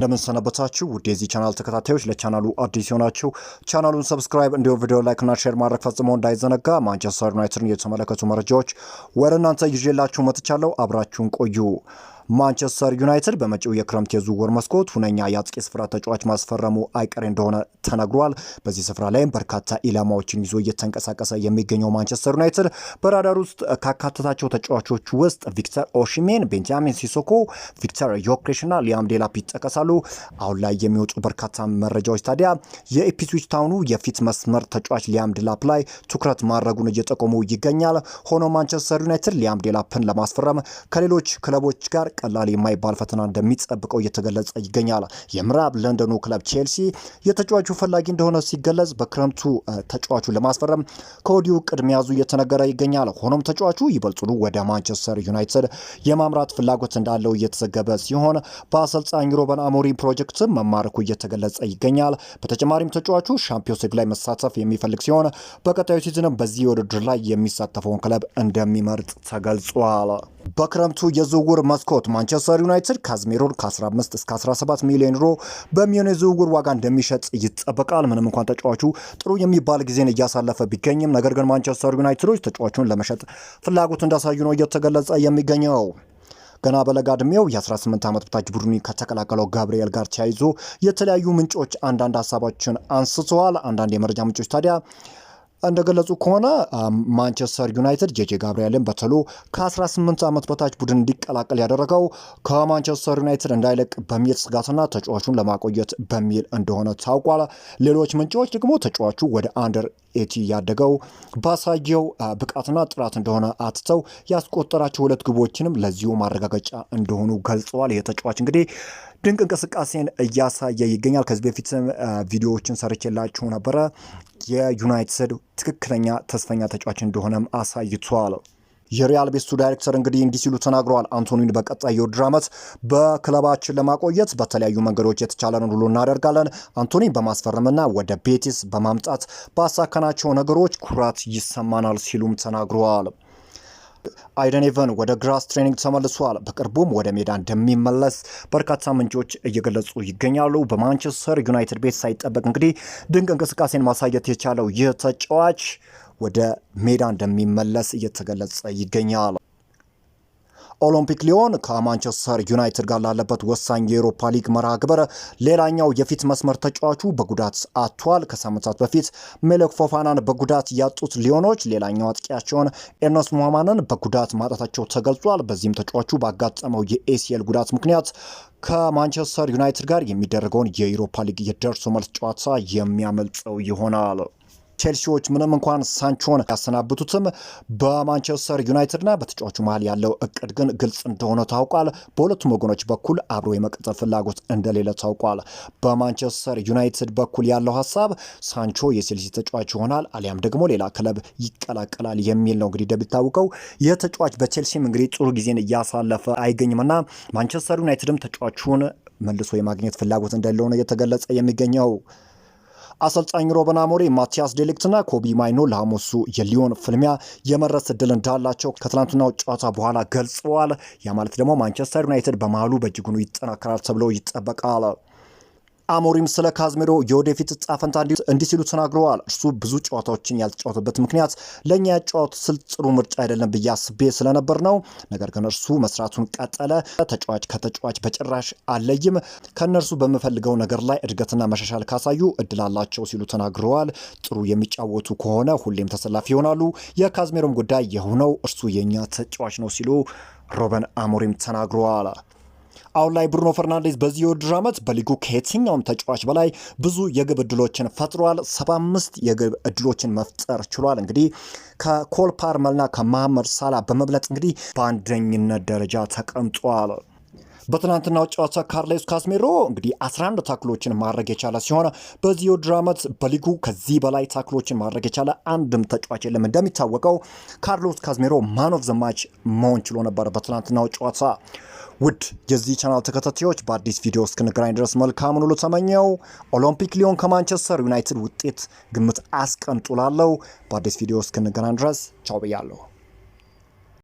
እንደምንሰነበታችሁ ውድ የዚህ ቻናል ተከታታዮች፣ ለቻናሉ አዲስ የሆናችሁ ቻናሉን ሰብስክራይብ እንዲሁም ቪዲዮ ላይክና ሼር ማድረግ ፈጽሞ እንዳይዘነጋ። ማንቸስተር ዩናይትድን የተመለከቱ መረጃዎች ወደ እናንተ ይዤላችሁ መጥቻለሁ። አብራችሁን ቆዩ። ማንቸስተር ዩናይትድ በመጪው የክረምት የዝውውር መስኮት ሁነኛ የአጥቂ ስፍራ ተጫዋች ማስፈረሙ አይቀሬ እንደሆነ ተነግሯል። በዚህ ስፍራ ላይም በርካታ ኢላማዎችን ይዞ እየተንቀሳቀሰ የሚገኘው ማንቸስተር ዩናይትድ በራዳር ውስጥ ካካተታቸው ተጫዋቾች ውስጥ ቪክተር ኦሽሜን፣ ቤንጃሚን ሲሶኮ፣ ቪክተር ዮክሬሽ እና ሊያም ዴላፕ ይጠቀሳሉ። አሁን ላይ የሚወጡ በርካታ መረጃዎች ታዲያ የኢፕስዊች ታውኑ የፊት መስመር ተጫዋች ሊያም ዴላፕ ላይ ትኩረት ማድረጉን እየጠቆሙ ይገኛል። ሆኖ ማንቸስተር ዩናይትድ ሊያም ዴላፕን ለማስፈረም ከሌሎች ክለቦች ጋር ቀላል የማይባል ፈተና እንደሚጠብቀው እየተገለጸ ይገኛል። የምዕራብ ለንደኑ ክለብ ቼልሲ የተጫዋቹ ፈላጊ እንደሆነ ሲገለጽ በክረምቱ ተጫዋቹ ለማስፈረም ከወዲሁ ቅድሚያ ያዙ እየተነገረ ይገኛል። ሆኖም ተጫዋቹ ይበልጡኑ ወደ ማንቸስተር ዩናይትድ የማምራት ፍላጎት እንዳለው እየተዘገበ ሲሆን በአሰልጣኝ ሮበን አሞሪም ፕሮጀክት መማረኩ እየተገለጸ ይገኛል። በተጨማሪም ተጫዋቹ ሻምፒዮንስ ሊግ ላይ መሳተፍ የሚፈልግ ሲሆን በቀጣዩ ሲዝንም በዚህ ውድድር ላይ የሚሳተፈውን ክለብ እንደሚመርጥ ተገልጿል። በክረምቱ የዝውውር መስኮት ማንቸስተር ዩናይትድ ካዝሜሮን ከ15 እስከ 17 ሚሊዮን ዩሮ በሚሆን የዝውውር ዋጋ እንደሚሸጥ ይጠበቃል። ምንም እንኳን ተጫዋቹ ጥሩ የሚባል ጊዜን እያሳለፈ ቢገኝም፣ ነገር ግን ማንቸስተር ዩናይትዶች ተጫዋቹን ለመሸጥ ፍላጎት እንዳሳዩ ነው እየተገለጸ የሚገኘው። ገና በለጋ ዕድሜው የ18 ዓመት በታች ቡድኑ ከተቀላቀለው ጋብርኤል ጋር ተያይዞ የተለያዩ ምንጮች አንዳንድ ሀሳቦችን አንስተዋል። አንዳንድ የመረጃ ምንጮች ታዲያ እንደገለጹ ከሆነ ማንቸስተር ዩናይትድ ጄጄ ጋብርኤልን በተሉ ከ18 ዓመት በታች ቡድን እንዲቀላቀል ያደረገው ከማንቸስተር ዩናይትድ እንዳይለቅ በሚል ስጋትና ተጫዋቹን ለማቆየት በሚል እንደሆነ ታውቋል። ሌሎች ምንጮች ደግሞ ተጫዋቹ ወደ አንደር ኤቲ ያደገው ባሳየው ብቃትና ጥራት እንደሆነ አትተው ያስቆጠራቸው ሁለት ግቦችንም ለዚሁ ማረጋገጫ እንደሆኑ ገልጸዋል። ይህ ተጫዋች እንግዲህ ድንቅ እንቅስቃሴን እያሳየ ይገኛል። ከዚህ በፊትም ቪዲዮዎችን ሰርችላችሁ ነበረ። የዩናይትድ ትክክለኛ ተስፈኛ ተጫዋች እንደሆነም አሳይቷል። የሪያል ቤቲሱ ዳይሬክተር እንግዲህ እንዲህ ሲሉ ተናግረዋል። አንቶኒን በቀጣይ የውድድር ዓመት በክለባችን ለማቆየት በተለያዩ መንገዶች የተቻለንን ሁሉ እናደርጋለን። አንቶኒን በማስፈረምና ወደ ቤቲስ በማምጣት ባሳከናቸው ነገሮች ኩራት ይሰማናል ሲሉም ተናግረዋል። አይደን ወደ ግራስ ትሬኒንግ ተመልሷል። በቅርቡም ወደ ሜዳ እንደሚመለስ በርካታ ምንጮች እየገለጹ ይገኛሉ። በማንቸስተር ዩናይትድ ቤት ሳይጠበቅ እንግዲህ ድንቅ እንቅስቃሴን ማሳየት የቻለው ይህ ተጫዋች ወደ ሜዳ እንደሚመለስ እየተገለጸ ይገኛል። ኦሎምፒክ ሊዮን ከማንቸስተር ዩናይትድ ጋር ላለበት ወሳኝ የኤሮፓ ሊግ መርሃ ግብር ሌላኛው የፊት መስመር ተጫዋቹ በጉዳት አጥቷል። ከሳምንታት በፊት ሜሌክ ፎፋናን በጉዳት ያጡት ሊዮኖች ሌላኛው አጥቂያቸውን ኤርነስ ሙሃማንን በጉዳት ማጣታቸው ተገልጿል። በዚህም ተጫዋቹ ባጋጠመው የኤሲኤል ጉዳት ምክንያት ከማንቸስተር ዩናይትድ ጋር የሚደረገውን የዩሮፓ ሊግ የደርሶ መልስ ጨዋታ የሚያመልጠው ይሆናል። ቼልሲዎች ምንም እንኳን ሳንቾን ያሰናብቱትም በማንቸስተር ዩናይትድና በተጫዋቹ መሀል ያለው እቅድ ግን ግልጽ እንደሆነ ታውቋል። በሁለቱም ወገኖች በኩል አብሮ የመቀጠል ፍላጎት እንደሌለ ታውቋል። በማንቸስተር ዩናይትድ በኩል ያለው ሀሳብ ሳንቾ የቼልሲ ተጫዋች ይሆናል አሊያም ደግሞ ሌላ ክለብ ይቀላቀላል የሚል ነው። እንግዲህ እንደሚታወቀው ይህ ተጫዋች በቼልሲም እንግዲህ ጥሩ ጊዜን እያሳለፈ አይገኝምና ማንቸስተር ዩናይትድም ተጫዋቹን መልሶ የማግኘት ፍላጎት እንደሌለሆነ እየተገለጸ የሚገኘው አሰልጣኝ ሮበን አሞሬ ማቲያስ ዴሊክትና ኮቢ ማይኖ ለሐሙሱ የሊዮን ፍልሚያ የመድረስ እድል እንዳላቸው ከትናንትናው ጨዋታ በኋላ ገልጸዋል። ያ ማለት ደግሞ ማንቸስተር ዩናይትድ በመሃሉ በእጅጉኑ ይጠናከራል ተብሎ ይጠበቃል። አሞሪም ስለ ካዝሜሮ የወደፊት ጻፈንታ እንዲህ ሲሉ ተናግረዋል። እርሱ ብዙ ጨዋታዎችን ያልተጫወተበት ምክንያት ለእኛ ያጫወት ስል ጥሩ ምርጫ አይደለም ብዬ አስቤ ስለነበር ነው። ነገር ግን እርሱ መስራቱን ቀጠለ። ተጫዋች ከተጫዋች በጭራሽ አለይም። ከእነርሱ በምፈልገው ነገር ላይ እድገትና መሻሻል ካሳዩ እድል አላቸው ሲሉ ተናግረዋል። ጥሩ የሚጫወቱ ከሆነ ሁሌም ተሰላፊ ይሆናሉ። የካዝሜሮም ጉዳይ የሆነው እርሱ የእኛ ተጫዋች ነው ሲሉ ሮበን አሞሪም ተናግረዋል። አሁን ላይ ብሩኖ ፈርናንዴዝ በዚህ የውድድር ዓመት በሊጉ ከየትኛውም ተጫዋች በላይ ብዙ የግብ እድሎችን ፈጥሯል። 75 የግብ እድሎችን መፍጠር ችሏል። እንግዲህ ከኮል ፓልመርና ከመሐመድ ሳላ በመብለጥ እንግዲህ በአንደኝነት ደረጃ ተቀምጧል። በትናንትናው ጨዋታ ካርሌስ ካስሜሮ እንግዲህ 11 ታክሎችን ማድረግ የቻለ ሲሆን በዚህ የውድድር ዓመት በሊጉ ከዚህ በላይ ታክሎችን ማድረግ የቻለ አንድም ተጫዋች የለም። እንደሚታወቀው ካርሎስ ካስሜሮ ማን ኦፍ ዘ ማች መሆን ችሎ ነበር በትናንትናው ጨዋታ። ውድ የዚህ ቻናል ተከታታዮች በአዲስ ቪዲዮ እስክንገናኝ ድረስ መልካምን ሁሉ ተመኘው። ኦሎምፒክ ሊዮን ከማንቸስተር ዩናይትድ ውጤት ግምት አስቀምጡ በአዲስ ቪዲዮ እስክንገናኝ ድረስ ቻው ብያለሁ።